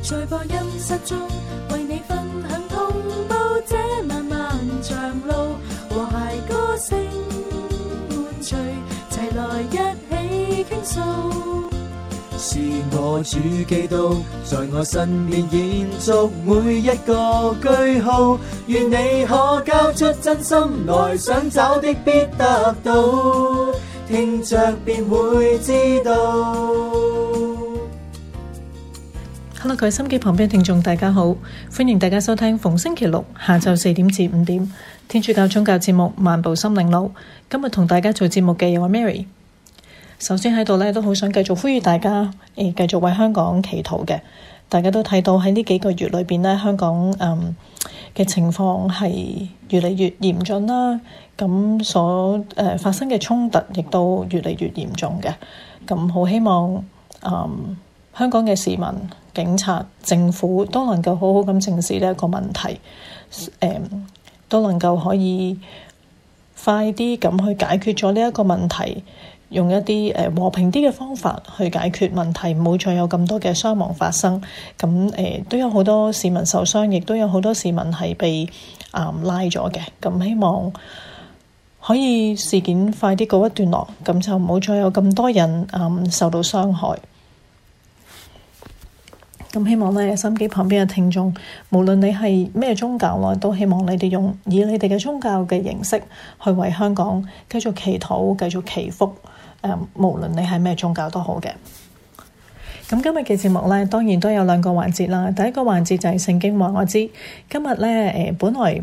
在播音室中，為你分享同步，這漫漫長路，和諧歌聲伴隨，齊來一起傾訴。是我主基督在我身邊延續每一個句號，願你可交出真心來，想找的必得到，聽着便會知道。Hello 各位心機旁邊聽眾大家好，歡迎大家收聽逢星期六下晝四點至五點天主教宗教節目《漫步心靈路》。今日同大家做節目嘅有我 Mary，首先喺度呢都好想繼續呼籲大家誒，繼續為香港祈禱嘅。大家都睇到喺呢幾個月裏邊呢，香港嘅、嗯、情況係越嚟越嚴峻啦。咁所誒、呃、發生嘅衝突亦都越嚟越嚴重嘅。咁好希望誒。嗯香港嘅市民、警察、政府都能夠好好咁正視呢一個問題，誒、嗯、都能夠可以快啲咁去解決咗呢一個問題，用一啲誒和平啲嘅方法去解決問題，唔好再有咁多嘅傷亡發生。咁、嗯、誒、嗯、都有好多市民受傷，亦都有好多市民係被啊拉咗嘅。咁、嗯嗯、希望可以事件快啲告一段落，咁、嗯、就唔好再有咁多人啊、嗯、受到傷害。咁希望咧，收音機旁邊嘅聽眾，無論你係咩宗教，我都希望你哋用以你哋嘅宗教嘅形式，去為香港繼續祈禱、繼續祈福。誒，無論你係咩宗教都好嘅。咁今日嘅節目咧，當然都有兩個環節啦。第一個環節就係聖經話我知，今日咧誒，本來。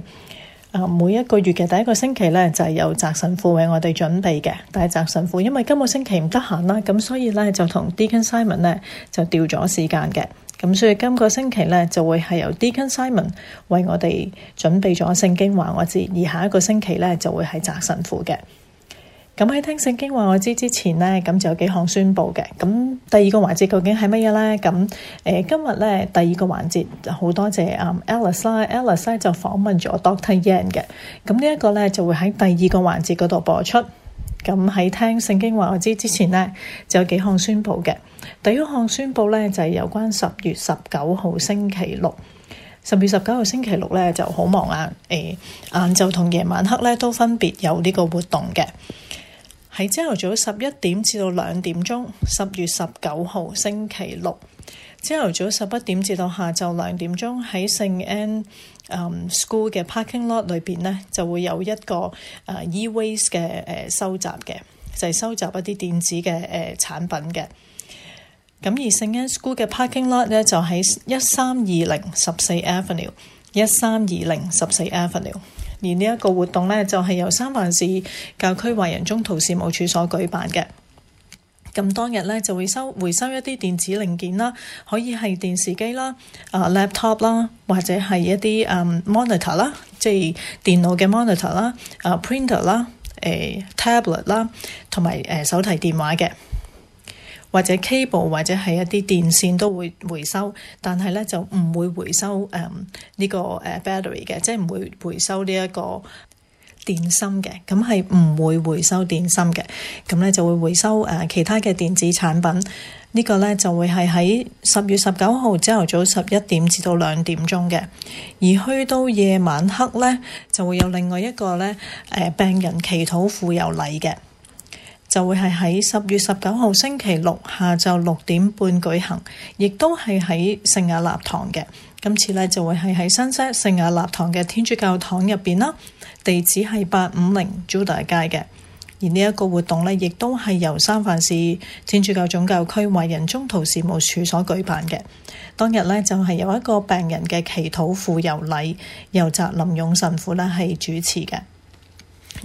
每一個月嘅第一個星期呢，就係由澤神父為我哋準備嘅。但係澤神父因為今個星期唔得閒啦，咁所以呢，就同 Deacon Simon 呢就調咗時間嘅。咁所以今個星期呢，就會係由 Deacon Simon 為我哋準備咗聖經話我知，而下一個星期呢，就會係澤神父嘅。咁喺聽聖經話我知之前呢，咁就有幾項宣佈嘅。咁第二個環節究竟係乜嘢呢？咁誒、呃，今日咧第二個環節好多謝啊、嗯、Alice 啦，Alice 咧就訪問咗 Doctor Yan 嘅。咁呢一個咧就會喺第二個環節嗰度播出。咁喺聽聖經話我知之前咧，就有幾項宣佈嘅。第一項宣佈咧就係有關十月十九號星期六，十月十九號星期六咧就好忙啊！誒、欸，晏晝同夜晚黑咧都分別有呢個活動嘅。喺朝頭早十一點至到兩點鐘，十月十九號星期六，朝頭早十一點至到下晝兩點鐘，喺聖安嗯 School 嘅 parking lot 裏邊呢，就會有一個、uh, e-waste 嘅、uh, 收集嘅，就係、是、收集一啲電子嘅誒、uh, 產品嘅。咁而聖安 School 嘅 parking lot 呢，就喺一三二零十四 Avenue，一三二零十四 Avenue。而呢一個活動咧，就係、是、由三藩市教區華人中途事務處所舉辦嘅。咁當日咧，就會收回收一啲電子零件啦，可以係電視機啦、啊 laptop 啦，或者係一啲嗯 monitor 啦，即係電腦嘅 monitor 啦、啊 printer 啦、誒、啊、tablet 啦，同埋誒手提電話嘅。或者 cable 或者係一啲電線都會回收，但係咧就唔會回收誒呢、um，個誒 battery 嘅，即係唔會回收呢一個電芯嘅。咁係唔會回收電芯嘅，咁咧就會回收誒、啊、其他嘅電子產品。這個，呢個咧就會係喺十月十九號朝頭早十一點至到兩點鐘嘅，而去到夜晚黑咧就會有另外一個咧誒、啊、病人祈禱傅油禮嘅。就會係喺十月十九號星期六下晝六點半舉行，亦都係喺聖雅納堂嘅。今次咧就會係喺新西聖雅納堂嘅天主教堂入邊啦，地址係八五零朱達街嘅。而呢一個活動咧，亦都係由三藩市天主教總教區華人中途事務處所舉辦嘅。當日咧就係、是、由一個病人嘅祈禱傅油禮，由澤林勇神父咧係主持嘅。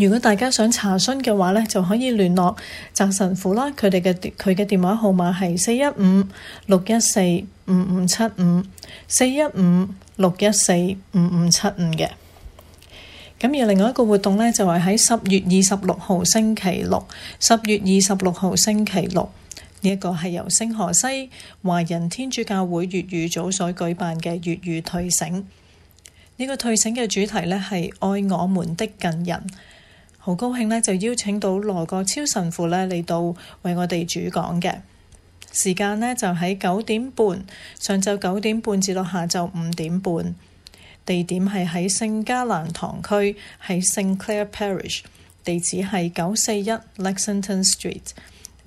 如果大家想查詢嘅話呢就可以聯絡澤神父啦。佢哋嘅佢嘅電話號碼係四一五六一四五五七五四一五六一四五五七五嘅。咁而另外一個活動呢，就係喺十月二十六號星期六，十月二十六號星期六呢一、這個係由星河西華人天主教會粵語組所舉辦嘅粵語退省。呢、這個退省嘅主題呢，係愛我們的近人。好高興呢，就邀請到羅國超神父呢嚟到為我哋主講。嘅時間呢，就喺九點半，上晝九點半至到下晝五點半。地點係喺聖加蘭堂區，喺聖 Claire Parish，地址係九四一 Lexington Street。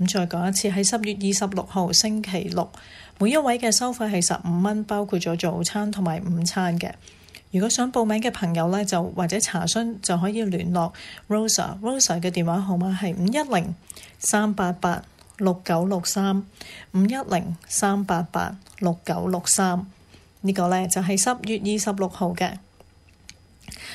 咁再講一次，喺十月二十六號星期六，每一位嘅收費係十五蚊，包括咗早餐同埋午餐嘅。如果想報名嘅朋友咧，就或者查詢就可以聯絡 Rosa，Rosa Rosa 嘅電話號碼係五一零三八八六九六三，五一零三八八六九六三。呢個咧就係十月二十六號嘅。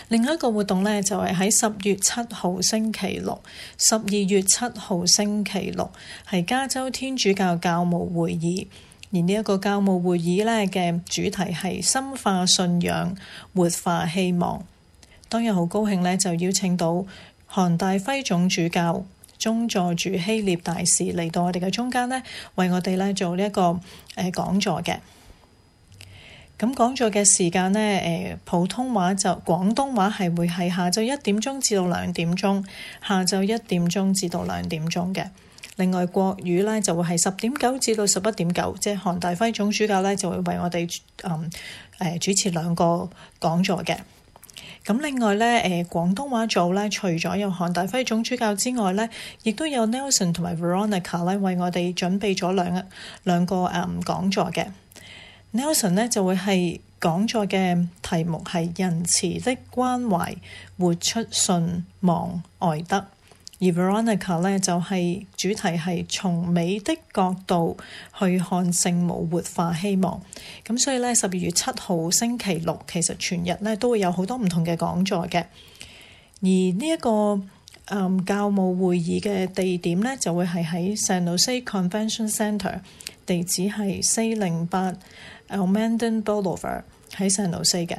另外一個活動咧就係喺十月七號星期六、十二月七號星期六係加州天主教教務會議。而呢一個教務會議咧嘅主題係深化信仰、活化希望。當日好高興咧，就邀請到韓大輝總主教、宗座主希臘大使嚟到我哋嘅中間咧，為我哋咧做呢、這、一個誒講、呃、座嘅。咁講座嘅時間咧，誒、呃、普通話就廣東話係會係下晝一點鐘至到兩點鐘，下晝一點鐘至到兩點鐘嘅。另外國語呢就會係十點九至到十一點九，即韓大輝總主教呢就會為我哋、嗯呃、主持兩個講座嘅。咁另外呢，誒、呃、廣東話組呢，除咗有韓大輝總主教之外呢，亦都有 Nelson 同埋 Veronica 呢為我哋準備咗兩兩個誒、嗯、講座嘅。Nelson 呢就會係講座嘅題目係仁慈的關懷，活出信望愛德。而 Veronica 咧就係主題係從美的角度去看聖母活化希望，咁所以咧十二月七號星期六其實全日咧都會有好多唔同嘅講座嘅，而呢、這、一個、嗯、教務會議嘅地點咧就會係喺 Saint 聖路西 Convention c e n t e r 地址係四零八 a l m e n d o n Boulevard 喺聖路西嘅。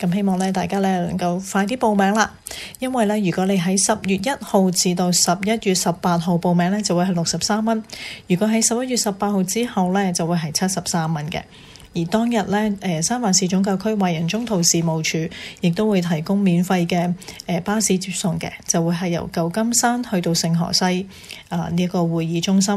咁希望咧，大家咧能夠快啲報名啦，因為咧，如果你喺十月一號至到十一月十八號報名咧，就會係六十三蚊；如果喺十一月十八號之後咧，就會係七十三蚊嘅。而當日咧，誒、呃、三藩市總教區華人中途事務處亦都會提供免費嘅、呃、巴士接送嘅，就會係由舊金山去到聖荷西啊呢、呃這個會議中心。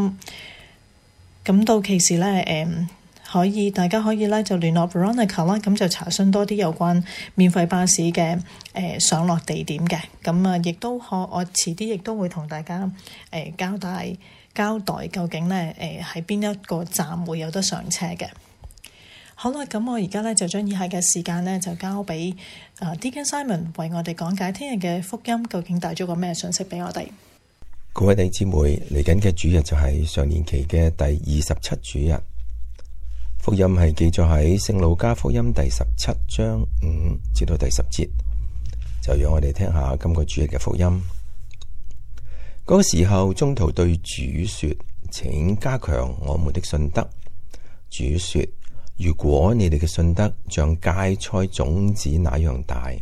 咁、呃、到期時咧，誒、呃。可以，大家可以咧就聯絡 Veronica 啦，咁就查詢多啲有關免費巴士嘅誒、呃、上落地點嘅。咁啊，亦都可我遲啲亦都會同大家誒、呃、交代交代究竟咧誒喺邊一個站會有得上車嘅。好啦，咁我而家咧就將以下嘅時間咧就交俾啊 Deacon Simon 為我哋講解聽日嘅福音，究竟帶咗個咩信息俾我哋？各位弟兄姊妹，嚟緊嘅主日就係上年期嘅第二十七主日。福音係記載喺《聖路加福音》第十七章五至到第十節，就讓我哋聽下今個主日嘅福音。嗰、那個時候，宗徒對主說：請加強我們的信德。主說：如果你哋嘅信德像芥菜種子那樣大，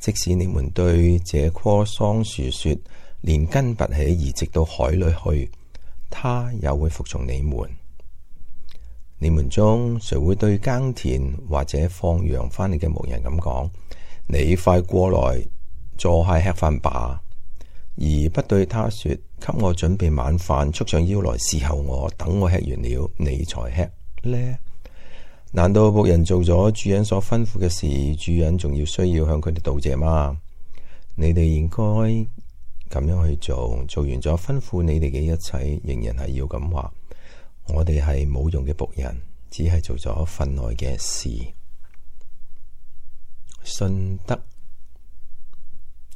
即使你們對這棵桑樹說：連根拔起移植到海裏去，它也會服從你們。你們中誰會對耕田或者放羊返嚟嘅牧人咁講？你快過來坐下吃飯吧，而不對他說：給我準備晚飯，束上腰來伺候我，等我吃完了你才吃呢？難道僕人做咗主人所吩咐嘅事，主人仲要需要向佢哋道謝嗎？你哋應該咁樣去做，做完咗吩咐你哋嘅一切，仍然係要咁話。我哋係冇用嘅僕人，只係做咗份內嘅事。信德，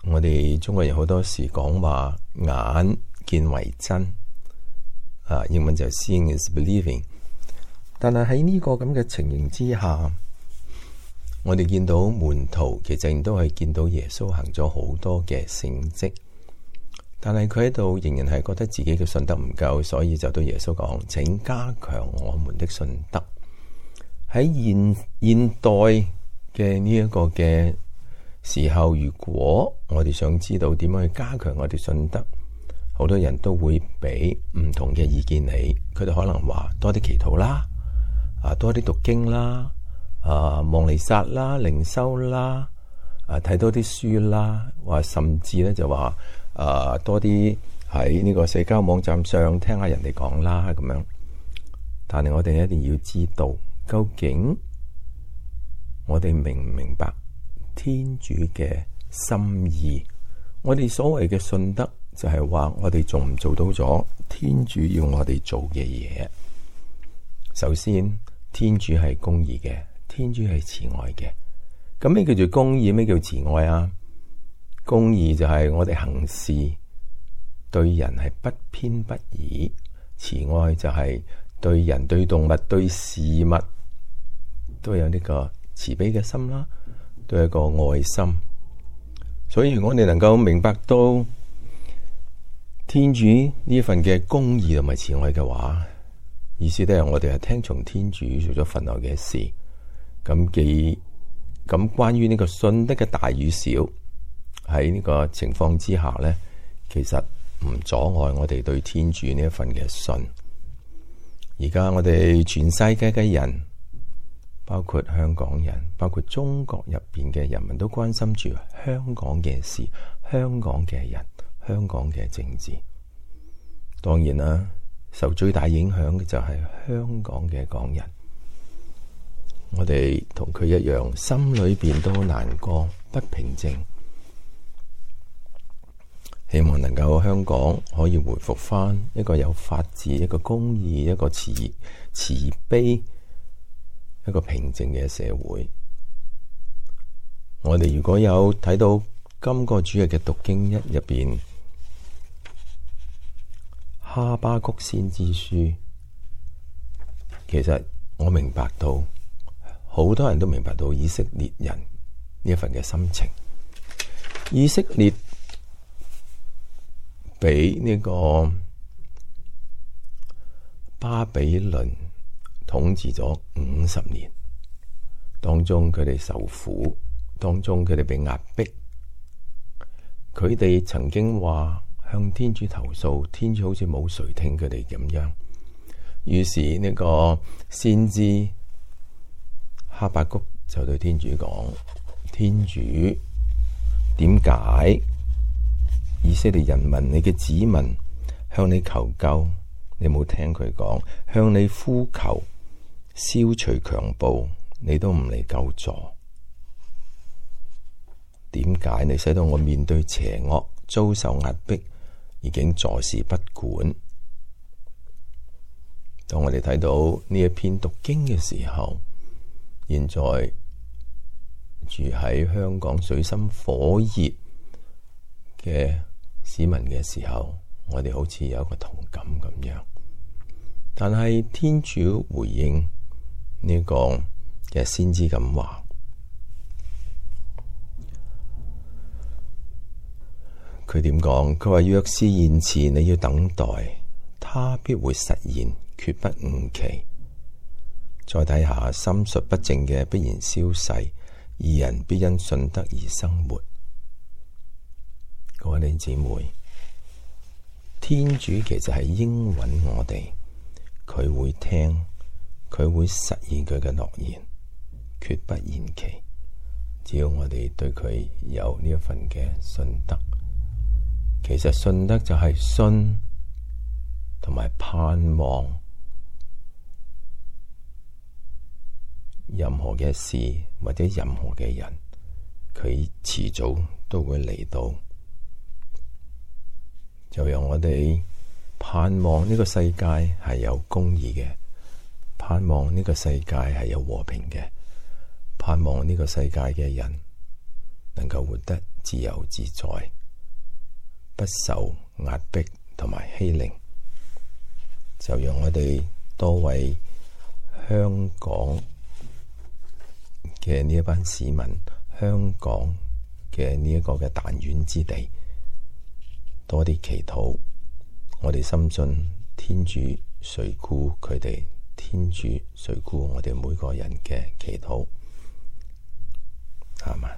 我哋中國人好多時講話眼見為真，啊，英文就係 seeing is believing。但係喺呢個咁嘅情形之下，我哋見到門徒其實亦都係見到耶穌行咗好多嘅成績。但係佢喺度仍然係覺得自己嘅信德唔夠，所以就對耶穌講，請加強我們的信德。喺現現代嘅呢一個嘅時候，如果我哋想知道點樣去加強我哋信德，好多人都會俾唔同嘅意見你。佢哋可能話多啲祈禱啦，啊多啲讀經啦，啊望彌撒啦、靈修啦，啊睇多啲書啦，或甚至咧就話。啊，多啲喺呢個社交網站上聽下人哋講啦，咁樣。但係我哋一定要知道，究竟我哋明唔明白天主嘅心意？我哋所謂嘅信德，就係話我哋做唔做到咗天主要我哋做嘅嘢？首先，天主係公義嘅，天主係慈愛嘅。咁咩叫做公義？咩叫慈愛啊？公義就係我哋行事對人係不偏不倚，慈愛就係對人、對動物、對事物都有呢個慈悲嘅心啦，都有一個愛心。所以，我哋能夠明白到天主呢份嘅公義同埋慈愛嘅話，意思都係我哋係聽從天主做咗份內嘅事。咁幾咁關於呢個信德嘅、這個、大與小。喺呢個情況之下呢，其實唔阻礙我哋對天主呢一份嘅信。而家我哋全世界嘅人，包括香港人，包括中國入邊嘅人民，都關心住香港嘅事、香港嘅人、香港嘅政治。當然啦，受最大影響嘅就係香港嘅港人。我哋同佢一樣，心裏邊都難過、不平靜。希望能夠香港可以回復翻一個有法治、一個公義、一個慈慈悲、一個平靜嘅社會。我哋如果有睇到今個主日嘅讀經一入邊《哈巴谷先知書》，其實我明白到好多人都明白到以色列人呢一份嘅心情。以色列。被呢個巴比倫統治咗五十年，當中佢哋受苦，當中佢哋被壓迫，佢哋曾經話向天主投訴，天主好似冇誰聽佢哋咁樣。於是呢個先知哈巴谷就對天主講：天主點解？為什麼以色列人民，你嘅子民向你求救，你冇聽佢講，向你呼求，消除強暴，你都唔嚟救助，點解你使到我面對邪惡遭受壓迫，已經坐視不管？當我哋睇到呢一篇讀經嘅時候，現在住喺香港水深火熱嘅。市民嘅時候，我哋好似有一個同感咁樣，但係天主回應呢個嘅先知咁話，佢點講？佢話，若遲延，你要等待，他必會實現，絕不誤期。再睇下心術不正嘅必然消逝，二人必因信德而生活。各位姊妹，天主其實係應允我哋，佢會聽，佢會實現佢嘅諾言，決不延期。只要我哋對佢有呢一份嘅信德，其實信德就係信同埋盼望。任何嘅事或者任何嘅人，佢遲早都會嚟到。就讓我哋盼望呢個世界係有公義嘅，盼望呢個世界係有和平嘅，盼望呢個世界嘅人能夠活得自由自在，不受壓迫同埋欺凌。就讓我哋多為香港嘅呢一班市民，香港嘅呢一個嘅彈丸之地。多啲祈禱，我哋深信天主垂顧佢哋，天主垂顧我哋每個人嘅祈禱，係咪？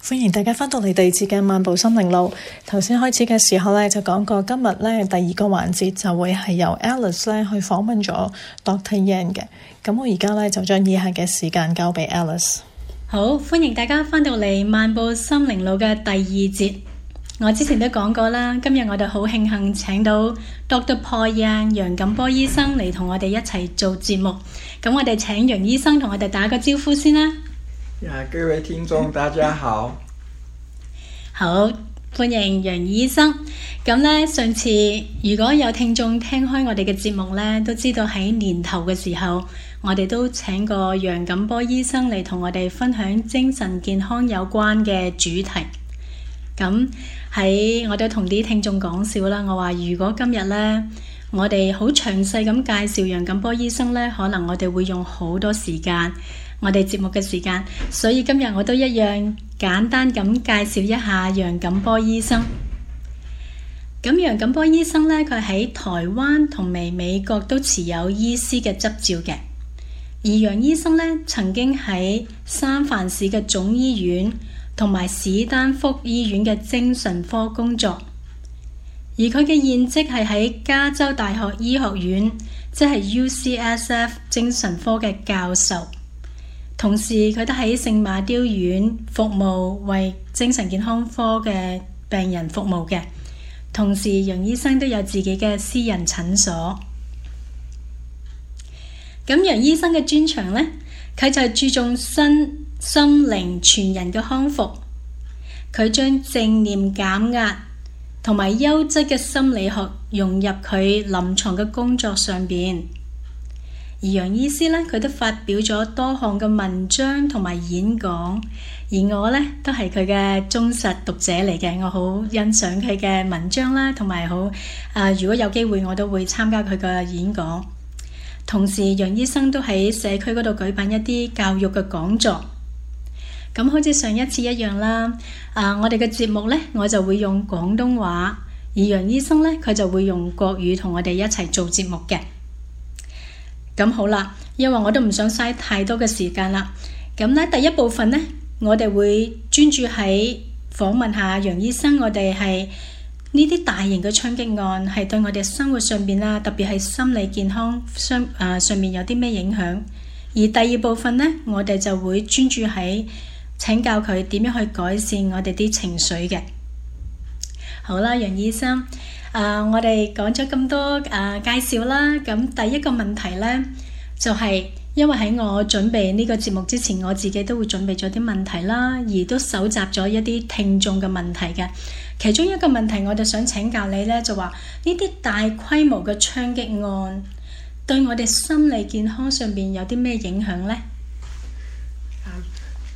歡迎大家翻到嚟第二節嘅漫步心靈路。頭先開始嘅時候咧，就講過今日咧第二個環節就會係由 Alice 咧去訪問咗 Doctor Yan 嘅。咁我而家咧就將以下嘅時間交俾 Alice。好，歡迎大家翻到嚟漫步心靈路嘅第二節。我之前都講過啦，今日我哋好慶幸請到 Doctor Po Yang 楊錦波醫生嚟同我哋一齊做節目。咁我哋請楊醫生同我哋打個招呼先啦。呀，各位聽眾大家好， 好歡迎楊醫生。咁呢，上次如果有聽眾聽開我哋嘅節目呢，都知道喺年頭嘅時候，我哋都請過楊錦波醫生嚟同我哋分享精神健康有關嘅主題。咁。喺我都同啲聽眾講笑啦，我話如果今日呢，我哋好詳細咁介紹楊錦波醫生呢，可能我哋會用好多時間，我哋節目嘅時間，所以今日我都一樣簡單咁介紹一下楊錦波醫生。咁楊錦波醫生呢，佢喺台灣同埋美國都持有醫師嘅執照嘅，而楊醫生呢，曾經喺三藩市嘅總醫院。同埋史丹福醫院嘅精神科工作，而佢嘅現職係喺加州大學醫學院，即係 UCSF 精神科嘅教授。同時，佢都喺聖馬刁院服務，為精神健康科嘅病人服務嘅。同時，楊醫生都有自己嘅私人診所。咁楊醫生嘅專長呢，佢就係注重新心靈全人嘅康復，佢將正念減壓同埋優質嘅心理學融入佢臨床嘅工作上邊。而楊醫師呢，佢都發表咗多項嘅文章同埋演講。而我呢，都係佢嘅忠實讀者嚟嘅，我好欣賞佢嘅文章啦，同埋好啊，如果有機會，我都會參加佢嘅演講。同時，楊醫生都喺社區嗰度舉辦一啲教育嘅講座。咁好似上一次一樣啦，啊，我哋嘅節目呢，我就會用廣東話，而楊醫生呢，佢就會用國語同我哋一齊做節目嘅。咁好啦，因為我都唔想嘥太多嘅時間啦。咁呢，第一部分呢，我哋會專注喺訪問下楊醫生我，我哋係呢啲大型嘅槍擊案係對我哋生活上面啊，特別係心理健康上啊，呃，上面有啲咩影響。而第二部分呢，我哋就會專注喺請教佢點樣去改善我哋啲情緒嘅。好啦，楊醫生，啊，我哋講咗咁多啊，介紹啦，咁第一個問題呢就係，因為喺我準備呢個節目之前，我自己都會準備咗啲問題啦，而都蒐集咗一啲聽眾嘅問題嘅。其中一個問題，我就想請教你呢，就話呢啲大規模嘅槍擊案對我哋心理健康上邊有啲咩影響呢？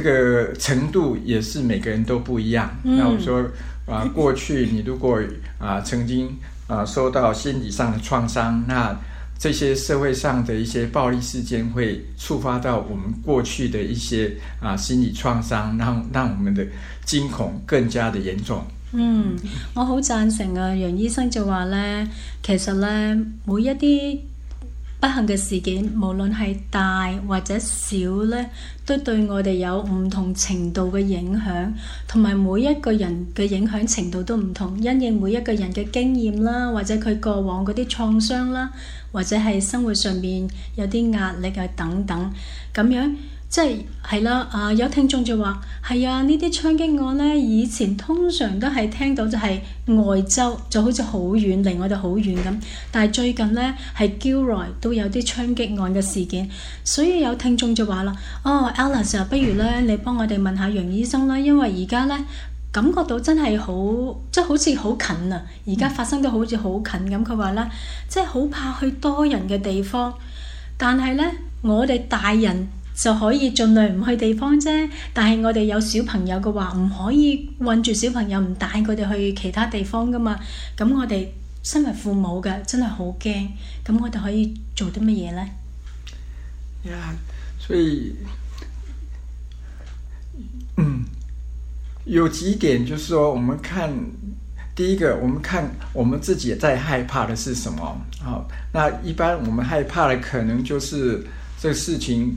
這個程度也是每個人都不一樣。嗯、那我說，啊過去你如果啊曾經啊受到心理上的創傷，那這些社會上的一些暴力事件會觸發到我們過去的一些啊心理創傷，讓讓我們的驚恐更加的嚴重。嗯，我好贊成啊，楊醫生就話咧，其實咧每一啲。不幸嘅事件，無論係大或者小咧，都對我哋有唔同程度嘅影響，同埋每一個人嘅影響程度都唔同，因應每一個人嘅經驗啦，或者佢過往嗰啲創傷啦，或者係生活上面有啲壓力啊等等，咁樣。即係係啦，啊有聽眾就話係啊，呢啲槍擊案呢，以前通常都係聽到就係外州，就好似好遠，離我哋好遠咁。但係最近呢，係 Gilroy 都有啲槍擊案嘅事件，所以有聽眾就話啦：哦，Alice 啊，不如呢，你幫我哋問下楊醫生啦，因為而家呢，感覺到真係、就是、好即係好似好近啊！而家發生得好似好近咁。佢話呢，即係好怕去多人嘅地方，但係呢，我哋大人，就可以盡量唔去地方啫，但係我哋有小朋友嘅話，唔可以困住小朋友，唔帶佢哋去其他地方噶嘛。咁我哋身為父母嘅真係好驚，咁我哋可以做啲乜嘢呢？Yeah, 所以，嗯，有幾點，就是說我們看，第一個，我們看，我們自己在害怕的是什麼？啊，那一般我們害怕嘅可能就是，這事情。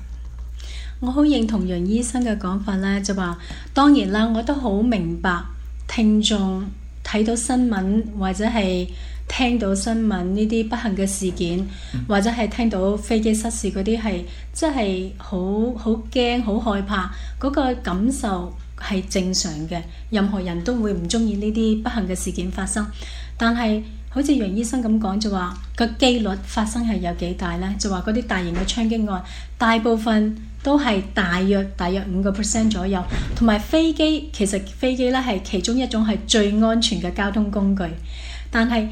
我好認同楊醫生嘅講法咧，就話當然啦，我都好明白聽眾睇到新聞或者係聽到新聞呢啲不幸嘅事件，或者係聽到飛機失事嗰啲，係真係好好驚好害怕嗰個感受係正常嘅。任何人都會唔中意呢啲不幸嘅事件發生，但係好似楊醫生咁講，就話個機率發生係有幾大呢？就話嗰啲大型嘅槍擊案大部分，都係大約大約五個 percent，左右，同埋飛機，其實飛機咧係其中一種係最安全嘅交通工具，但係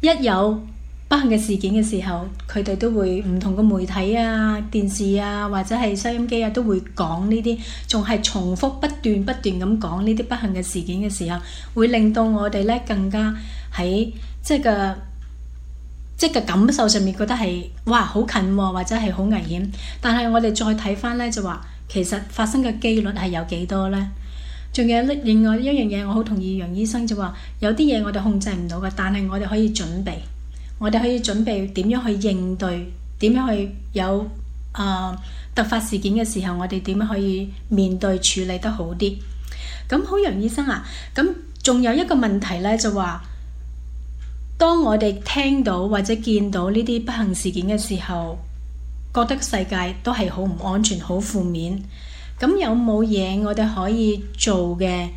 一有不幸嘅事件嘅時候，佢哋都會唔同嘅媒體啊、電視啊或者係收音機啊都會講呢啲，仲係重複不斷不斷咁講呢啲不幸嘅事件嘅時候，會令到我哋咧更加喺即係個。即係感受上面覺得係哇好近或者係好危險，但係我哋再睇翻呢，就話，其實發生嘅機率係有幾多呢？仲有另外一樣嘢，我好同意楊醫生就話，有啲嘢我哋控制唔到嘅，但係我哋可以準備，我哋可以準備點樣去應對，點樣去有啊、呃、突發事件嘅時候，我哋點樣可以面對處理得好啲？咁好，楊醫生啊，咁仲有一個問題呢，就話。當我哋聽到或者見到呢啲不幸事件嘅時候，覺得世界都係好唔安全、好負面。咁有冇嘢我哋可以做嘅，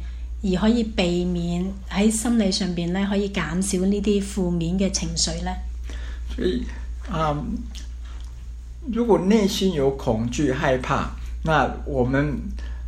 而可以避免喺心理上邊咧，可以減少呢啲負面嘅情緒呢？所以，啊、嗯，如果內心有恐懼、害怕，那我們。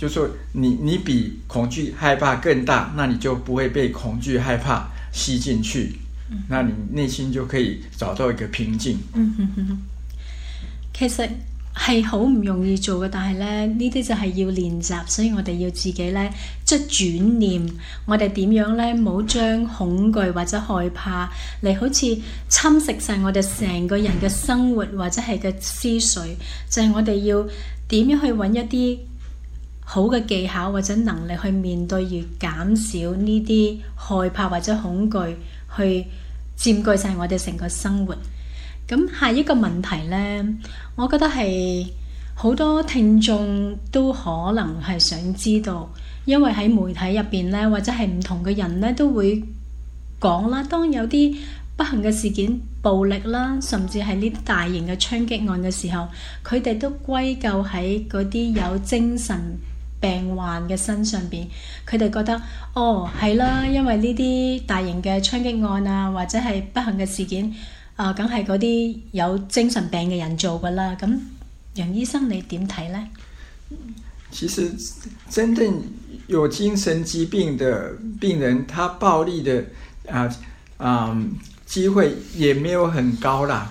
就是、說你你比恐懼害怕更大，那你就不會被恐懼害怕吸進去，那你內心就可以找到一個平靜。嗯嗯嗯嗯、其實係好唔容易做嘅，但係咧呢啲就係要練習，所以我哋要自己咧即係轉念，我哋點樣咧冇將恐懼或者害怕嚟好似侵蝕晒我哋成個人嘅生活或者係嘅思緒，就係、是、我哋要點樣去揾一啲。好嘅技巧或者能力去面對，而減少呢啲害怕或者恐懼去占據晒我哋成個生活。咁下一個問題咧，我覺得係好多聽眾都可能係想知道，因為喺媒體入邊咧，或者係唔同嘅人咧，都會講啦。當有啲不幸嘅事件，暴力啦，甚至係呢啲大型嘅槍擊案嘅時候，佢哋都歸咎喺嗰啲有精神病患嘅身上邊，佢哋覺得，哦，係啦，因為呢啲大型嘅槍擊案啊，或者係不幸嘅事件，啊、呃，梗係嗰啲有精神病嘅人做㗎啦。咁，楊醫生你點睇咧？其實真正有精神疾病的病人，他暴力的啊啊、呃呃、機會，也沒有很高啦。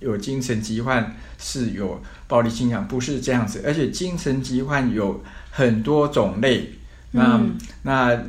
有精神疾患是有暴力傾向，不是這樣子。而且精神疾患有很多種類，嗯、那那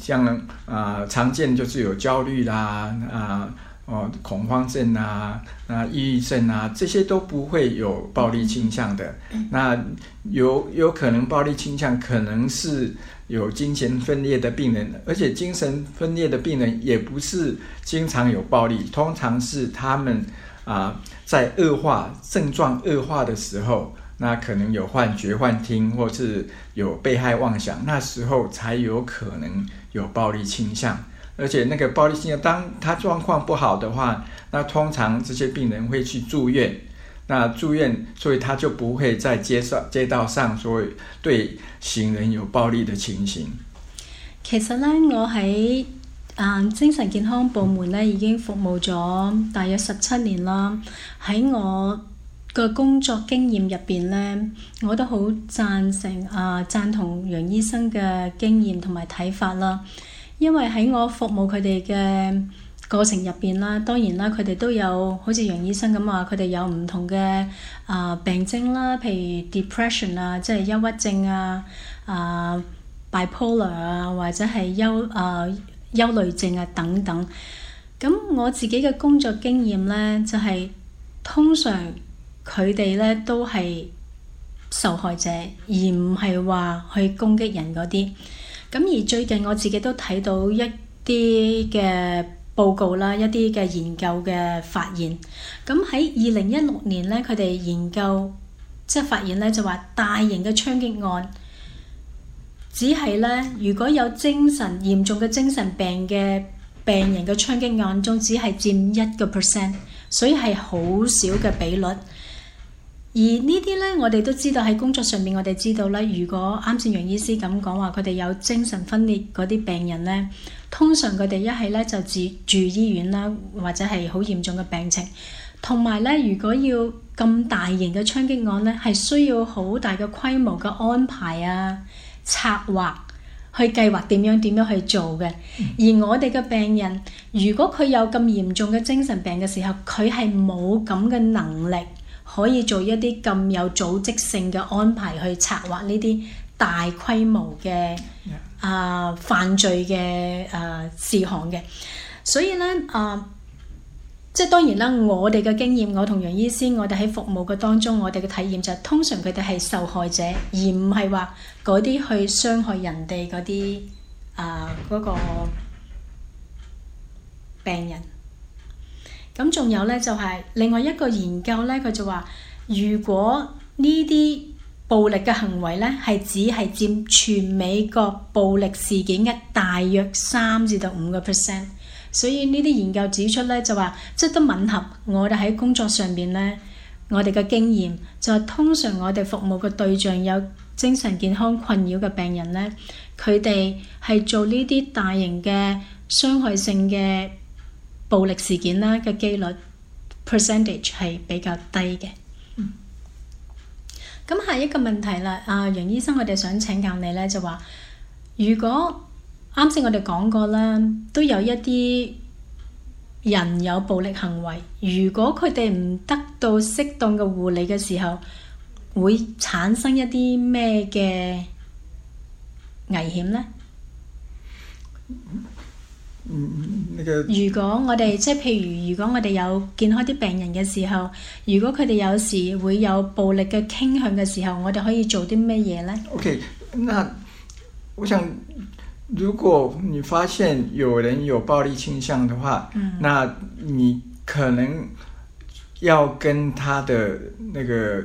像啊、呃，常見就是有焦慮啦啊哦、呃呃，恐慌症啦、啊，啊、呃，抑鬱症啦、啊，這些都不會有暴力傾向的。嗯、那有有可能暴力傾向，可能是有精神分裂的病人，而且精神分裂的病人也不是經常有暴力，通常是他們。啊，在惡化症狀惡化的時候，那可能有幻覺、幻聽，或是有被害妄想，那時候才有可能有暴力傾向。而且那個暴力傾向，當他狀況不好的話，那通常這些病人會去住院。那住院，所以他就不會在街上、街道上所以對行人有暴力的情形。其實呢，我喺。啊，精神健康部門咧已經服務咗大約十七年啦。喺我嘅工作經驗入邊咧，我都好贊成啊，贊同楊醫生嘅經驗同埋睇法啦。因為喺我服務佢哋嘅過程入邊啦，當然啦，佢哋都有好似楊醫生咁話，佢哋有唔同嘅啊病徵啦，譬如 depression 啊，即係憂鬱症啊，啊 bipolar 啊，或者係憂啊。憂慮症啊等等，咁我自己嘅工作經驗咧，就係、是、通常佢哋咧都係受害者，而唔係話去攻擊人嗰啲。咁而最近我自己都睇到一啲嘅報告啦，一啲嘅研究嘅發現。咁喺二零一六年咧，佢哋研究即係發現咧，就話大型嘅槍擊案。只係咧，如果有精神嚴重嘅精神病嘅病人嘅槍擊案中，只係佔一個 percent，所以係好少嘅比率。而呢啲咧，我哋都知道喺工作上面，我哋知道咧，如果啱先楊醫師咁講話，佢哋有精神分裂嗰啲病人咧，通常佢哋一係咧就住住醫院啦，或者係好嚴重嘅病情。同埋咧，如果要咁大型嘅槍擊案咧，係需要好大嘅規模嘅安排啊。策劃去計劃點樣點樣去做嘅，而我哋嘅病人，如果佢有咁嚴重嘅精神病嘅時候，佢係冇咁嘅能力可以做一啲咁有組織性嘅安排去策劃呢啲大規模嘅、Yeah. 啊犯罪嘅啊事項嘅，所以咧啊，即係當然啦。我哋嘅經驗，我同楊醫師，我哋喺服務嘅當中，我哋嘅體驗就係、是、通常佢哋係受害者，而唔係話，嗰啲去傷害人哋嗰啲啊嗰個病人，咁仲有咧就係另外一個研究咧，佢就話如果呢啲暴力嘅行為咧係只係佔全美國暴力事件嘅大約三至到五個 percent，所以呢啲研究指出咧就話即係都吻合我哋喺工作上面咧，我哋嘅經驗就係通常我哋服務嘅對象有。精神健康困擾嘅病人咧，佢哋係做呢啲大型嘅傷害性嘅暴力事件啦嘅機率 percentage 係比較低嘅。咁、嗯、下一個問題啦，阿、啊、楊醫生，我哋想請教你咧，就話如果啱先我哋講過啦，都有一啲人有暴力行為，如果佢哋唔得到適當嘅護理嘅時候，會產生一啲咩嘅危險呢？嗯那個、如果我哋即係譬如，如果我哋有健康啲病人嘅時候，如果佢哋有時會有暴力嘅傾向嘅時候，我哋可以做啲咩嘢呢？o、okay, K，那我想，如果你發現有人有暴力傾向嘅話，嗯、那你可能要跟他的那個。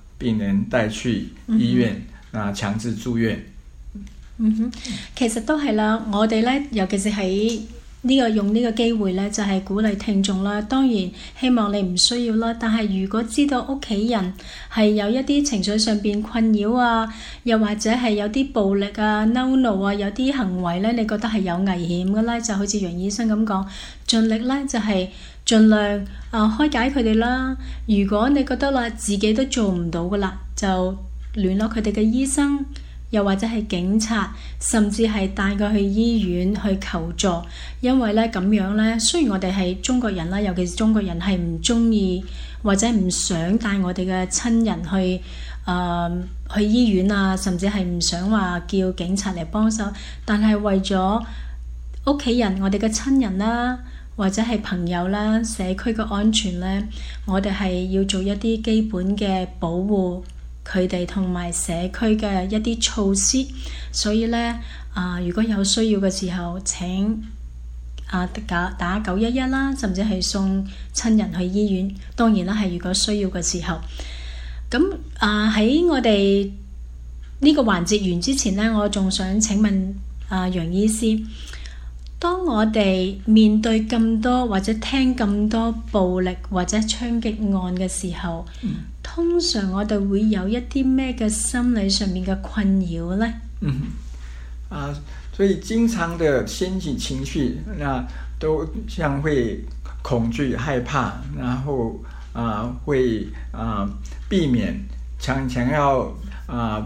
病人帶去醫院，嗯、啊，強制住院。嗯哼，其實都係啦，我哋咧，尤其是喺、這個、呢個用呢個機會咧，就係、是、鼓勵聽眾啦。當然，希望你唔需要啦。但係如果知道屋企人係有一啲情緒上面困擾啊，又或者係有啲暴力啊、嬲怒啊、有啲行為咧，你覺得係有危險嘅咧，就好似楊醫生咁講，盡力咧就係、是。盡量啊、呃、開解佢哋啦！如果你覺得啦，自己都做唔到噶啦，就聯絡佢哋嘅醫生，又或者係警察，甚至係帶佢去醫院去求助。因為呢，咁樣呢，雖然我哋係中國人啦，尤其是中國人係唔鍾意或者唔想帶我哋嘅親人去啊、呃、去醫院啊，甚至係唔想話叫警察嚟幫手，但係為咗屋企人我哋嘅親人啦。或者係朋友啦，社區嘅安全咧，我哋係要做一啲基本嘅保護佢哋同埋社區嘅一啲措施。所以咧啊、呃，如果有需要嘅時候，請啊打九一一啦，甚至係送親人去醫院。當然啦，係如果需要嘅時候。咁啊，喺、呃、我哋呢個環節完之前咧，我仲想請問啊楊醫師。當我哋面對咁多或者聽咁多暴力或者槍擊案嘅時候，通常我哋會有一啲咩嘅心理上面嘅困擾呢？嗯，啊，所以經常嘅先進情緒啊，都將會恐懼、害怕，然後啊，會啊避免強強要啊。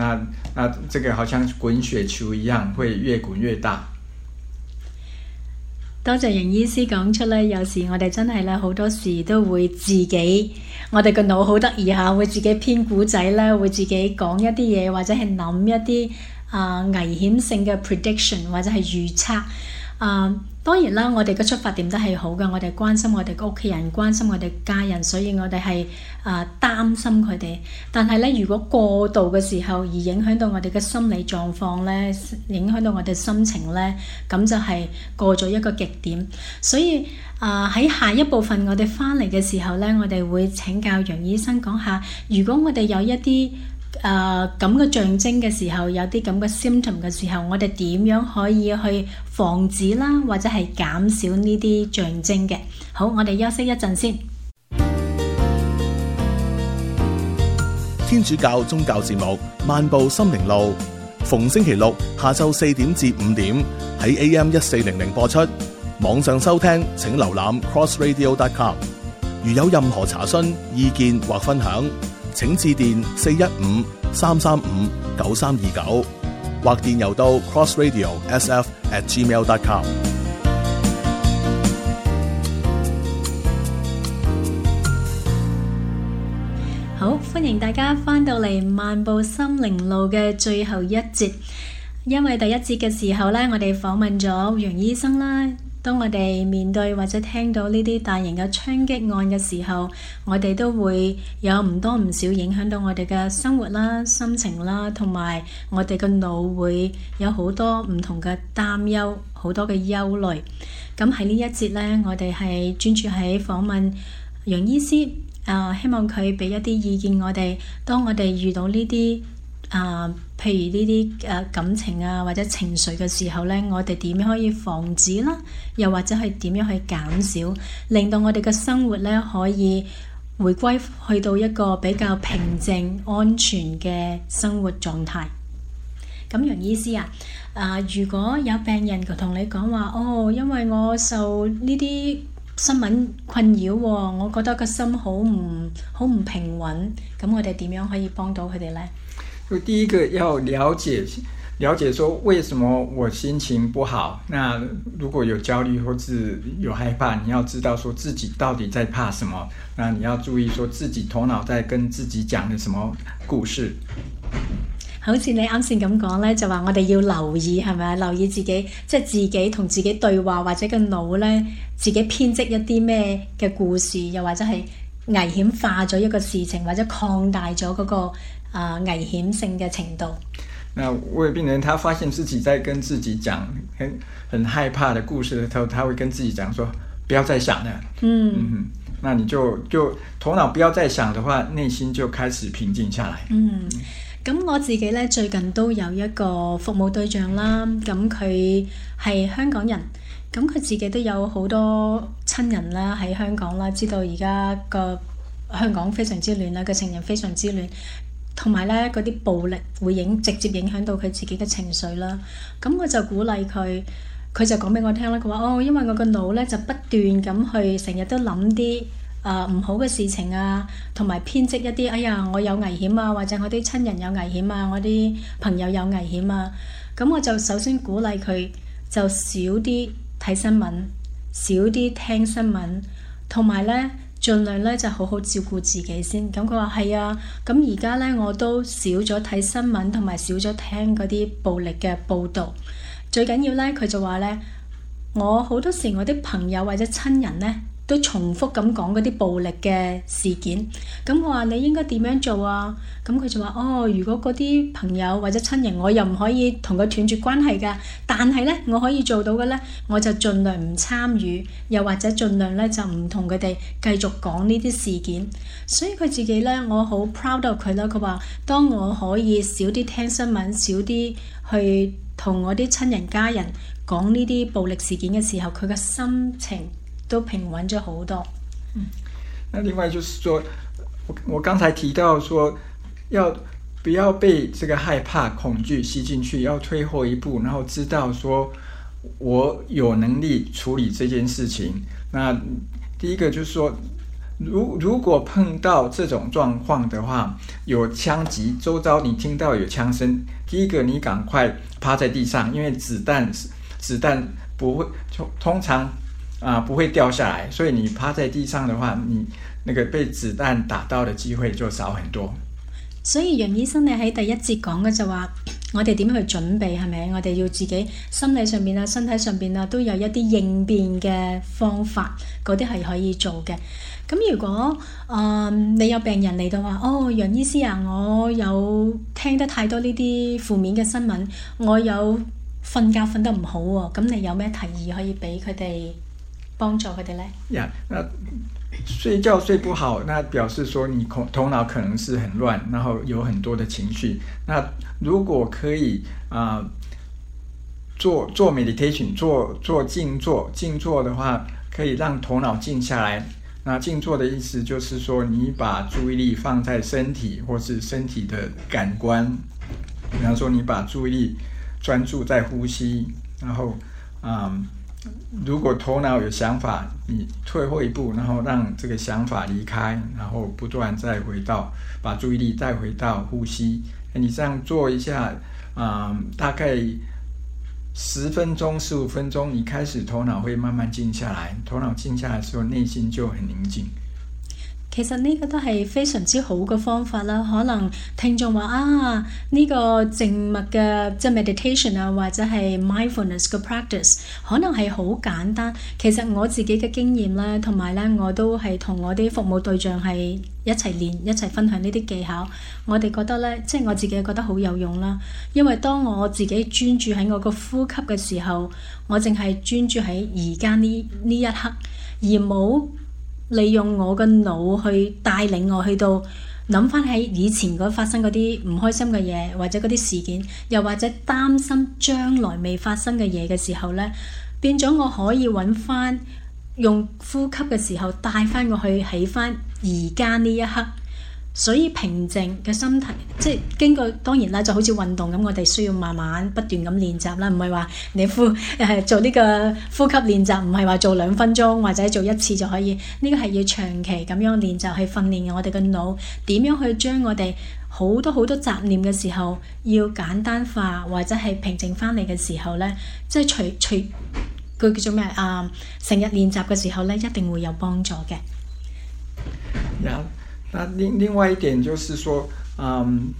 那那這個好像滾雪球一樣，會越滾越大。多謝楊醫師講出咧，有時我哋真係咧，好多時都會自己，我哋個腦好得意吓，會自己編故仔咧，會自己講一啲嘢，或者係諗一啲啊、呃、危險性嘅 prediction 或者係預測。啊、uh，當然啦，我哋嘅出發點都係好嘅，我哋關心我哋嘅屋企人，關心我哋家人，所以我哋係啊擔心佢哋。但係咧，如果過度嘅時候而影響到我哋嘅心理狀況咧，影響到我哋心情咧，咁就係過咗一個極點。所以啊，喺、uh, 下一部分我哋翻嚟嘅時候咧，我哋會請教楊醫生講下，如果我哋有一啲。誒咁嘅象徵嘅時候，有啲咁嘅 symptom 嘅時候，我哋點樣可以去防止啦，或者係減少呢啲象徵嘅？好，我哋休息一陣先。天主教宗教節目《漫步心靈路》，逢星期六下晝四點至五點喺 AM 一四零零播出，網上收聽請瀏覽 crossradio.com。如有任何查詢、意見或分享。請致電四一五三三五九三二九，或電郵到 crossradio.sf at gmail dot com。好，歡迎大家翻到嚟《漫步心靈路》嘅最後一節，因為第一節嘅時候咧，我哋訪問咗楊醫生啦。當我哋面對或者聽到呢啲大型嘅槍擊案嘅時候，我哋都會有唔多唔少影響到我哋嘅生活啦、心情啦，同埋我哋嘅腦會有好多唔同嘅擔憂，好多嘅憂慮。咁喺呢一節呢，我哋係專注喺訪問楊醫師啊，呃，希望佢俾一啲意見我哋。當我哋遇到呢啲啊，譬如呢啲誒感情啊，或者情緒嘅時候呢，我哋點樣可以防止啦？又或者係點樣去減少，令到我哋嘅生活呢可以回歸去到一個比較平靜、安全嘅生活狀態。咁楊醫師啊，啊如果有病人同你講話哦，因為我受呢啲新聞困擾，我覺得個心好唔好唔平穩，咁我哋點樣可以幫到佢哋呢？就第一個要了解，了解說為什麼我心情不好。那如果有焦慮或者有害怕，你要知道說自己到底在怕什麼。那你要注意說自己頭腦在跟自己講的什麼故事。好似你啱先咁講咧，就話我哋要留意，係咪啊？留意自己，即係自己同自己對話，或者個腦咧，自己編織一啲咩嘅故事，又或者係危險化咗一個事情，或者擴大咗嗰個。啊！危險性嘅程度，那位病人，他發現自己在跟自己講很很害怕的故事嘅時候，他會跟自己講：，說不要再想了。嗯，嗯那你就就頭腦不要再想的話，內心就開始平靜下來。嗯，咁我自己呢，最近都有一個服務對象啦，咁佢係香港人，咁佢自己都有好多親人啦喺香港啦，知道而家個香港非常之亂啦，個情人非常之亂。同埋咧，嗰啲暴力會影直接影響到佢自己嘅情緒啦。咁我就鼓勵佢，佢就講俾我聽啦。佢話哦，因為我個腦咧就不斷咁去成日都諗啲啊唔好嘅事情啊，同埋編織一啲哎呀我有危險啊，或者我啲親人有危險啊，我啲朋友有危險啊。咁我就首先鼓勵佢就少啲睇新聞，少啲聽新聞，同埋咧。盡量咧就好好照顧自己先。咁佢話係啊。咁而家咧我都少咗睇新聞同埋少咗聽嗰啲暴力嘅報道。最緊要咧，佢就話咧，我好多時我啲朋友或者親人咧。都重複咁講嗰啲暴力嘅事件，咁我話你應該點樣做啊？咁佢就話：哦，如果嗰啲朋友或者親人，我又唔可以同佢斷絕關係㗎，但係呢，我可以做到嘅呢，我就盡量唔參與，又或者盡量呢，就唔同佢哋繼續講呢啲事件。所以佢自己呢，我好 proud of 佢囉。佢話：當我可以少啲聽新聞，少啲去同我啲親人家人講呢啲暴力事件嘅時候，佢嘅心情，都平穩咗好多。嗯，那另外就是說，我我剛才提到說，要不要被這個害怕、恐懼吸進去，要退後一步，然後知道說我有能力處理這件事情。那第一個就是說，如如果碰到這種狀況的話，有槍擊，周遭你聽到有槍聲，第一個你趕快趴在地上，因為子彈子彈不會通通常。啊、呃，不會掉下來，所以你趴在地上的話，你那個被子彈打到的機會就少很多。所以楊醫生你喺第一節講嘅就話，我哋點樣去準備，係咪？我哋要自己心理上面啊、身體上邊啊，都有一啲應變嘅方法，嗰啲係可以做嘅。咁如果啊、呃，你有病人嚟到話，哦，楊醫師啊，我有聽得太多呢啲負面嘅新聞，我有瞓覺瞓得唔好喎、哦，咁你有咩提議可以俾佢哋？幫我找回來。呀、yeah，那睡覺睡不好，那表示說你頭頭腦可能是很亂，然後有很多的情緒。那如果可以啊、呃，做做 meditation，做做靜坐，靜坐的話可以讓頭腦靜下來。那靜坐的意思就是說，你把注意力放在身體或是身體的感官，比方說你把注意力專注在呼吸，然後啊。呃如果頭腦有想法，你退後一步，然後讓這個想法離開，然後不斷再回到，把注意力帶回到呼吸。你這樣做一下，啊、嗯，大概十分鐘、十五分鐘，你開始頭腦會慢慢靜下來。頭腦靜下來的時候，內心就很寧靜。其實呢個都係非常之好嘅方法啦。可能聽眾話啊，呢個靜默嘅即係 meditation 啊，或者係 mindfulness 嘅 practice，可能係好簡單。其實我自己嘅經驗啦，同埋咧，我都係同我啲服務對象係一齊練，一齊分享呢啲技巧。我哋覺得咧，即係我自己覺得好有用啦。因為當我自己專注喺我個呼吸嘅時候，我淨係專注喺而家呢呢一刻，而冇，利用我嘅腦去帶領我去到諗翻起以前嗰發生嗰啲唔開心嘅嘢，或者嗰啲事件，又或者擔心將來未發生嘅嘢嘅時候咧，變咗我可以搵翻，用呼吸嘅時候帶翻我去起翻而家呢一刻。所以平靜嘅心態，即係經過當然啦，就好似運動咁，我哋需要慢慢不斷咁練習啦，唔係話你呼、誒，做呢個呼吸練習，唔係話做兩分鐘或者做一次就可以，呢個係要長期咁樣練習去訓練我哋嘅腦，點樣去將我哋好多好多雜念嘅時候要簡單化，或者係平靜翻嚟嘅時候呢，即係隨隨佢叫做咩啊，成日練習嘅時候呢，一定會有幫助嘅。Now. 那另另外一點就是說，嗯，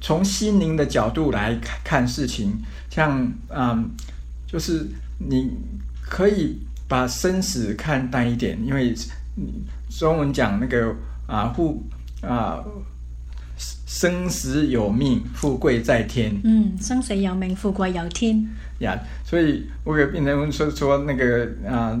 從心靈的角度來看，看事情，像嗯，就是你可以把生死看淡一點，因為中文講那個啊富啊，生死有命，富貴在天。嗯，生死有命，富貴有天。呀、yeah，所以我給病人說說那個啊。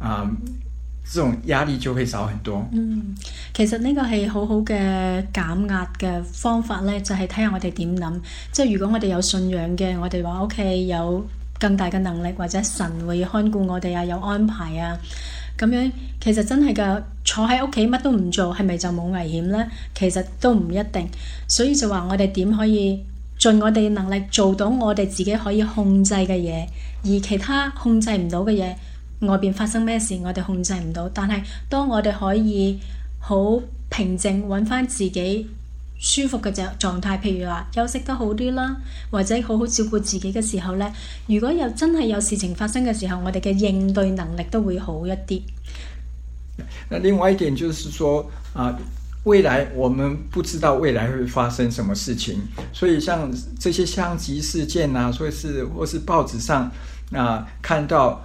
啊、um，這種壓力就會少很多。嗯，其實呢個係好好嘅減壓嘅方法呢就係睇下我哋點諗。即係如果我哋有信仰嘅，我哋話屋企有更大嘅能力或者神會看顧我哋啊，有安排啊。咁樣其實真係㗎，坐喺屋企乜都唔做，係咪就冇危險呢？其實都唔一定。所以就話我哋點可以盡我哋能力做到我哋自己可以控制嘅嘢，而其他控制唔到嘅嘢。外邊發生咩事，我哋控制唔到。但係當我哋可以好平靜，揾返自己舒服嘅狀態，譬如話休息得好啲啦，或者好好照顧自己嘅時候呢，如果有真係有事情發生嘅時候，我哋嘅應對能力都會好一啲。另外一點就是說，啊，未來我們不知道未來會發生什麼事情，所以像這些相級事件啊，所以是或者是報紙上啊看到。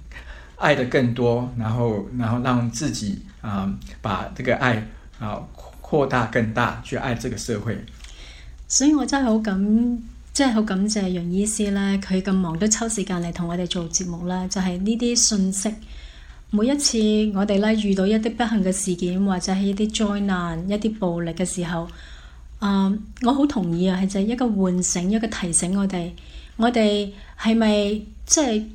愛得更多，然後然後讓自己啊、嗯，把這個愛啊擴大更大，去愛這個社會。所以我真係好感，真係好感謝楊醫師咧，佢咁忙都抽時間嚟同我哋做節目咧，就係呢啲信息。每一次我哋咧遇到一啲不幸嘅事件，或者係一啲災難、一啲暴力嘅時候，啊、嗯，我好同意啊，係就係一個喚醒、一個提醒我哋，我哋係咪即係？就是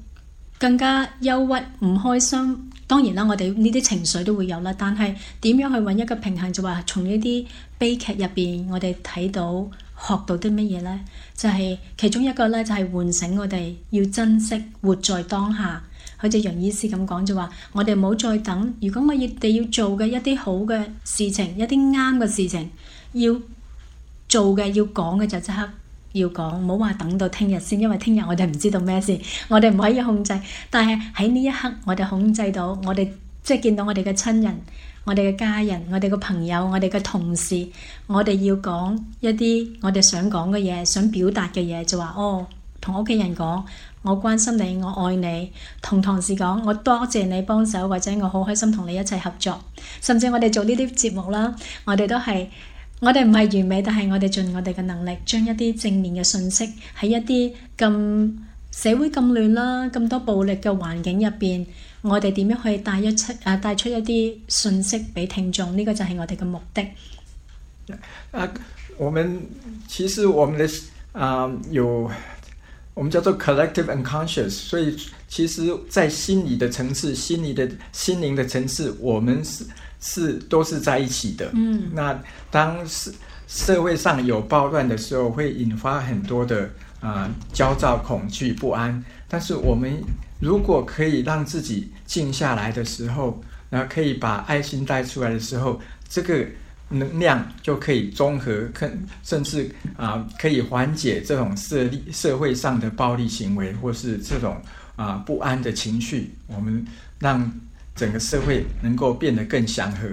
更加憂鬱唔開心，當然啦，我哋呢啲情緒都會有啦。但係點樣去揾一個平衡？就話從呢啲悲劇入邊，我哋睇到學到啲乜嘢呢？就係、是、其中一個呢，就係、是、喚醒我哋要珍惜活在當下。好似楊醫師咁講就話，我哋唔好再等。如果我哋要，要做嘅一啲好嘅事情，一啲啱嘅事情，要做嘅要講嘅就即刻。要講，唔好話等到聽日先，因為聽日我哋唔知道咩事，我哋唔可以控制。但係喺呢一刻，我哋控制到我，我哋即係見到我哋嘅親人、我哋嘅家人、我哋嘅朋友、我哋嘅同事，我哋要講一啲我哋想講嘅嘢、想表達嘅嘢，就話哦，同屋企人講，我關心你，我愛你；同同事講，我多謝你幫手，或者我好開心同你一齊合作。甚至我哋做呢啲節目啦，我哋都係。我哋唔係完美，但係我哋盡我哋嘅能力，將一啲正面嘅信息喺一啲咁社會咁亂啦、咁多暴力嘅環境入邊，我哋點樣去帶一出啊？帶出一啲信息俾聽眾，呢個就係我哋嘅目的。啊，我們其實我們嘅啊有，我們叫做 collective unconscious，所以其實在心理的層次、心理的心靈的層次，我們是。是，都是在一起的。嗯，那當社社會上有暴亂的時候，會引發很多的啊、呃、焦躁、恐懼、不安。但是我們如果可以讓自己靜下來的時候，然後可以把愛心帶出來的時候，這個能量就可以綜合，甚至啊、呃、可以緩解這種社社會上的暴力行為，或是這種啊、呃、不安的情緒。我們讓。整個社會能夠變得更祥和，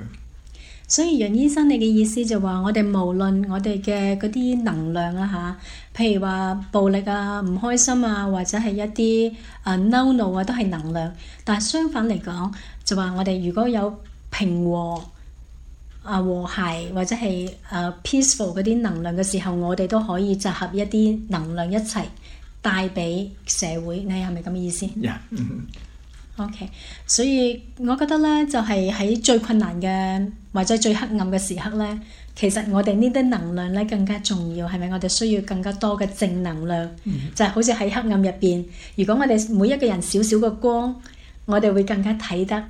所以楊醫生，你嘅意思就話，我哋無論我哋嘅嗰啲能量啊吓，譬如話暴力啊、唔開心啊，或者係一啲誒嬲怒啊，都係能量。但係相反嚟講，就話我哋如果有平和啊、和諧或者係誒 peaceful 嗰啲能量嘅時候，我哋都可以集合一啲能量一齊帶俾社會。你係咪咁嘅意思？Yeah. Mm-hmm. O.K. 所以，我覺得咧，就係、是、喺最困難嘅或者最黑暗嘅時刻咧，其實我哋呢啲能量咧更加重要，係咪？我哋需要更加多嘅正能量，嗯、就係、是、好似喺黑暗入邊，如果我哋每一個人少少嘅光，我哋會更加睇得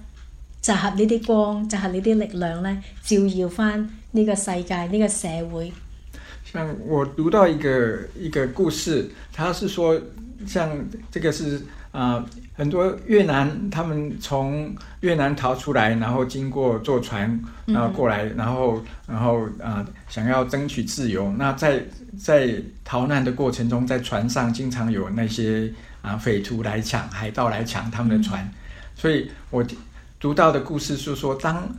集合呢啲光，集合呢啲力量咧，照耀返呢個世界，呢、這個社會。像我讀到一個一個故事，他是說，像這個是。啊、呃，很多越南他們從越南逃出來，然後經過坐船然後過來，然後然後啊、呃，想要爭取自由。那在在逃難的過程中，在船上經常有那些啊、呃，匪徒來搶，海盜來搶他們的船。所以我讀到的故事是說，當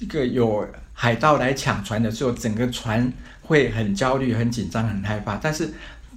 這個有海盜來搶船的時候，整個船會很焦慮、很緊張、很害怕，但是。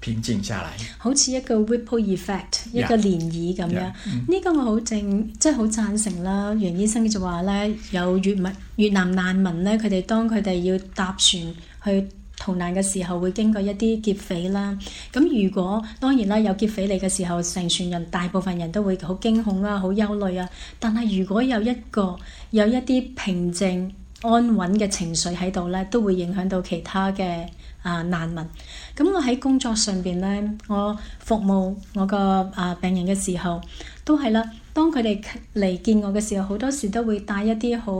平靜下來，好似一個 ripple effect，yeah. 一個漣漪咁樣。呢、yeah. mm-hmm. 個我好正，即係好贊成啦。楊醫生就話呢，有越越南難民呢，佢哋當佢哋要搭船去逃難嘅時候，會經過一啲劫匪啦。咁如果當然啦，有劫匪嚟嘅時候，成船人大部分人都會好驚恐啊，好憂慮啊。但係如果有一個有一啲平靜安穩嘅情緒喺度呢，都會影響到其他嘅。啊，難民，咁我喺工作上邊咧，我服務我個啊病人嘅時候，都係啦。當佢哋嚟見我嘅時候，好多時都會帶一啲好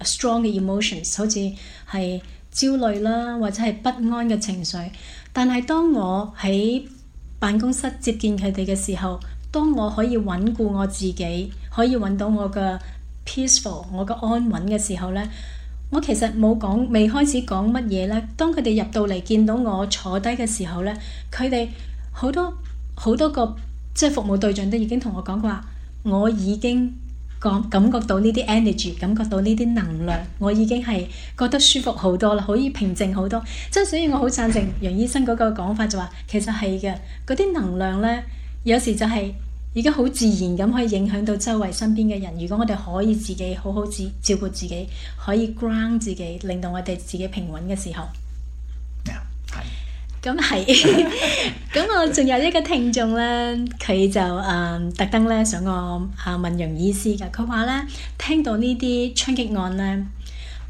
strong 嘅 emotions，好似係焦慮啦，或者係不安嘅情緒。但係當我喺辦公室接見佢哋嘅時候，當我可以穩固我自己，可以揾到我嘅 peaceful，我嘅安穩嘅時候咧。我其實冇講，未開始講乜嘢咧。當佢哋入到嚟見到我坐低嘅時候咧，佢哋好多好多個即係服務對象都已經同我講過話，我已經感感覺到呢啲 energy，感覺到呢啲能量，我已經係覺得舒服好多啦，可以平靜好多。即係所以我好贊成楊醫生嗰個講法就說，就話其實係嘅嗰啲能量咧，有時就係、是。而家好自然咁可以影響到周圍身邊嘅人。如果我哋可以自己好好治照顧自己，可以 ground 自己，令到我哋自己平穩嘅時候，咩咁係，咁 我仲有一個聽眾咧，佢就誒、呃、特登咧想我啊問楊醫師嘅，佢話咧聽到呢啲槍擊案咧。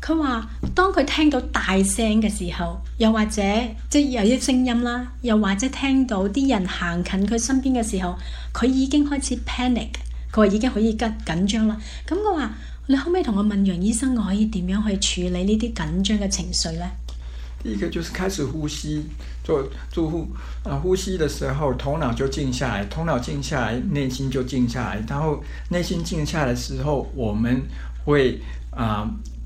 佢話：當佢聽到大聲嘅時候，又或者即係有啲聲音啦，又或者聽到啲人行近佢身邊嘅時候，佢已經開始 panic。佢話已經可以急緊張啦。咁我話：你可唔可以同我問楊醫生，我可以點樣去處理呢啲緊張嘅情緒咧？第一個就是開始呼吸，做做呼啊呼吸嘅時候，頭腦就靜下來，頭腦靜下來，內心就靜下來。然後內心靜下嘅時候，我們會啊。呃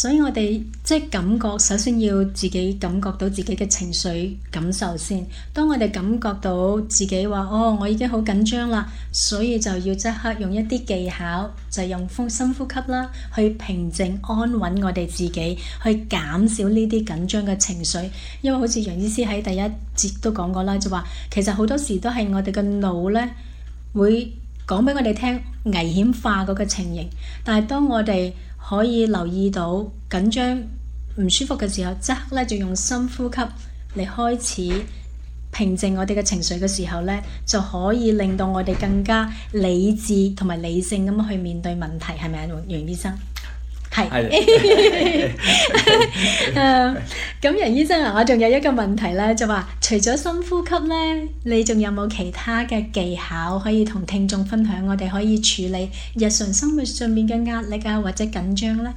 所以我哋即係感覺，首先要自己感覺到自己嘅情緒感受先。當我哋感覺到自己話哦，我已經好緊張啦，所以就要即刻用一啲技巧，就用呼深呼吸啦，去平靜安穩我哋自己，去減少呢啲緊張嘅情緒，因為好似楊醫師喺第一節都講過啦，就話其實好多時都係我哋嘅腦咧會講俾我哋聽危險化嗰個情形，但係當我哋可以留意到緊張唔舒服嘅時候，即刻咧就用深呼吸嚟開始平靜我哋嘅情緒嘅時候咧，就可以令到我哋更加理智同埋理性咁去面對問題，係咪啊，楊醫生？係、 哎呀，誒、 哎，咁、哎、楊、哎哎 嗯、醫生啊，我仲有一個問題咧，就話除咗深呼吸咧，你仲有冇其他嘅技巧可以同聽眾分享？我哋可以處理日常生活上面嘅壓力啊，或者緊張咧？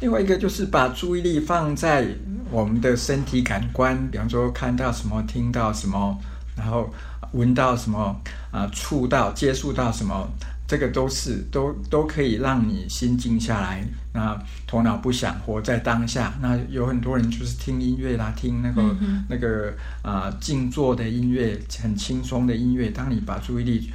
另外一個就是把注意力放在我們的身體感官，比方說看到什麼、聽到什麼，然後聞到什麼，啊、呃，觸到、接觸到什麼。這個都是都都可以讓你心靜下來，那頭腦不想活在當下。那有很多人就是聽音樂啦，聽那個、嗯、那個啊、呃、靜坐的音樂，很輕鬆的音樂。當你把注意力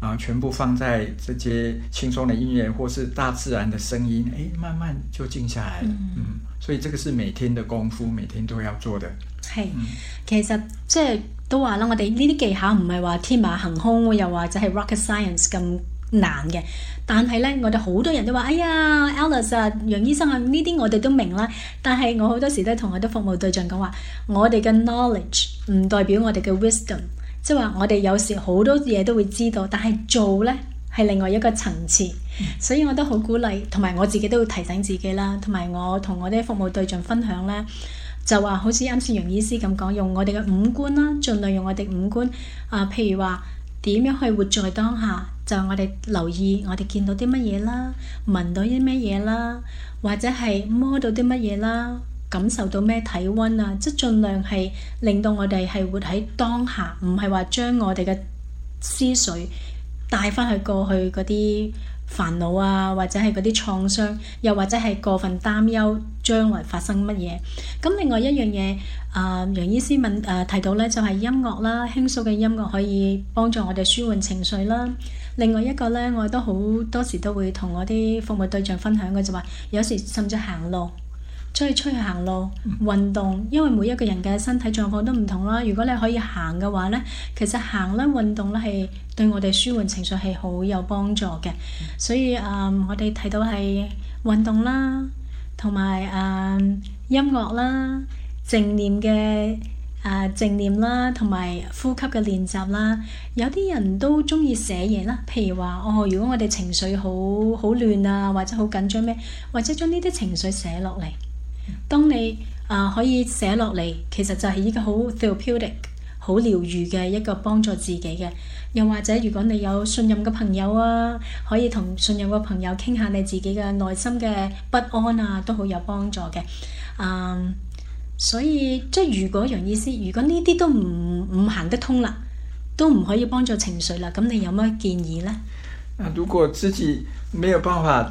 啊、呃、全部放在這些輕鬆的音樂或是大自然的聲音，哎，慢慢就靜下來了嗯。嗯，所以這個是每天的功夫，每天都要做的。係、嗯，其實即係都話啦，我哋呢啲技巧唔係話天馬行空，嗯、又或者係 rocket science 咁。難嘅，但係咧，我哋好多人都話：，哎呀，Alice 啊，楊醫生啊，呢啲我哋都明啦。但係我好多時都同我啲服務對象講話，我哋嘅 knowledge 唔代表我哋嘅 wisdom，即係話我哋有時好多嘢都會知道，但係做咧係另外一個層次。所以我都好鼓勵，同埋我自己都會提醒自己啦，同埋我同我啲服務對象分享咧，就話好似啱先楊醫師咁講，用我哋嘅五官啦，儘量用我哋五官啊，譬如話。點樣去活在當下？就我哋留意我，我哋見到啲乜嘢啦，聞到啲乜嘢啦，或者係摸到啲乜嘢啦，感受到咩體温啊，即係盡量係令到我哋係活喺當下，唔係話將我哋嘅思緒帶翻去過去嗰啲。煩惱啊，或者係嗰啲創傷，又或者係過分擔憂將來發生乜嘢。咁另外一樣嘢，啊、呃、楊醫師問啊、呃、提到咧，就係、是、音樂啦，輕鬆嘅音樂可以幫助我哋舒緩情緒啦。另外一個咧，我都好多時都會同我啲服務對象分享嘅就話、是，有時甚至行路。出去，出去行路運動，因為每一個人嘅身體狀況都唔同啦。如果你可以行嘅話咧，其實行啦運動咧係對我哋舒緩情緒係好有幫助嘅。所以誒、嗯，我哋睇到係運動啦，同埋誒音樂啦、靜念嘅誒、呃、靜念啦，同埋呼吸嘅練習啦。有啲人都鍾意寫嘢啦，譬如話哦，如果我哋情緒好好亂啊，或者好緊張咩，或者將呢啲情緒寫落嚟。當你啊、呃、可以寫落嚟，其實就係一個好 therapeutic、好療愈嘅一個幫助自己嘅。又或者如果你有信任嘅朋友啊，可以同信任嘅朋友傾下你自己嘅內心嘅不安啊，都好有幫助嘅。嗯，所以即係如果楊醫師，如果呢啲都唔唔行得通啦，都唔可以幫助情緒啦，咁你有乜建議呢？啊，如果自己沒有辦法。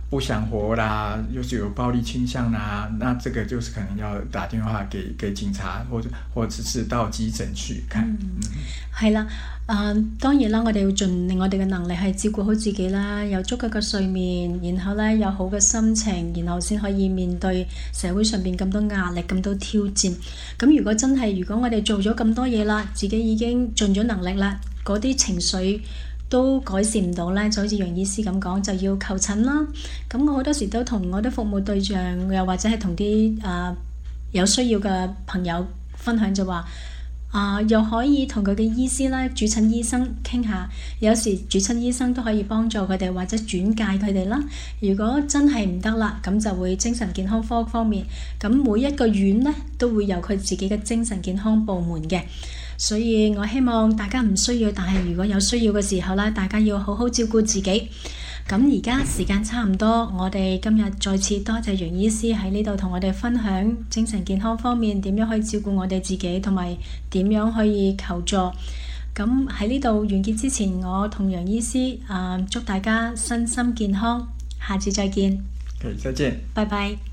不想活啦，又是有暴力傾向啦，那這個就是可能要打電話給給警察，或者或者是到急診去看。係、嗯、啦，啊、呃、當然啦，我哋要盡我哋嘅能力去照顧好自己啦，有足夠嘅睡眠，然後咧有好嘅心情，然後先可以面對社會上邊咁多壓力、咁多挑戰。咁如果真係，如果我哋做咗咁多嘢啦，自己已經盡咗能力啦，嗰啲情緒，都改善唔到咧，就好似楊醫師咁講，就要求診啦。咁我好多時都同我啲服務對象，又或者係同啲啊有需要嘅朋友分享就話啊、呃，又可以同佢嘅醫師咧、主診醫生傾下。有時主診醫生都可以幫助佢哋，或者轉介佢哋啦。如果真係唔得啦，咁就會精神健康科方面。咁每一個院呢，都會有佢自己嘅精神健康部門嘅。所以我希望大家唔需要，但係如果有需要嘅時候咧，大家要好好照顧自己。咁而家時間差唔多，我哋今日再次多謝楊醫師喺呢度同我哋分享精神健康方面點樣可以照顧我哋自己，同埋點樣可以求助。咁喺呢度完結之前，我同楊醫師啊，祝大家身心健康，下次再見。再見，拜拜。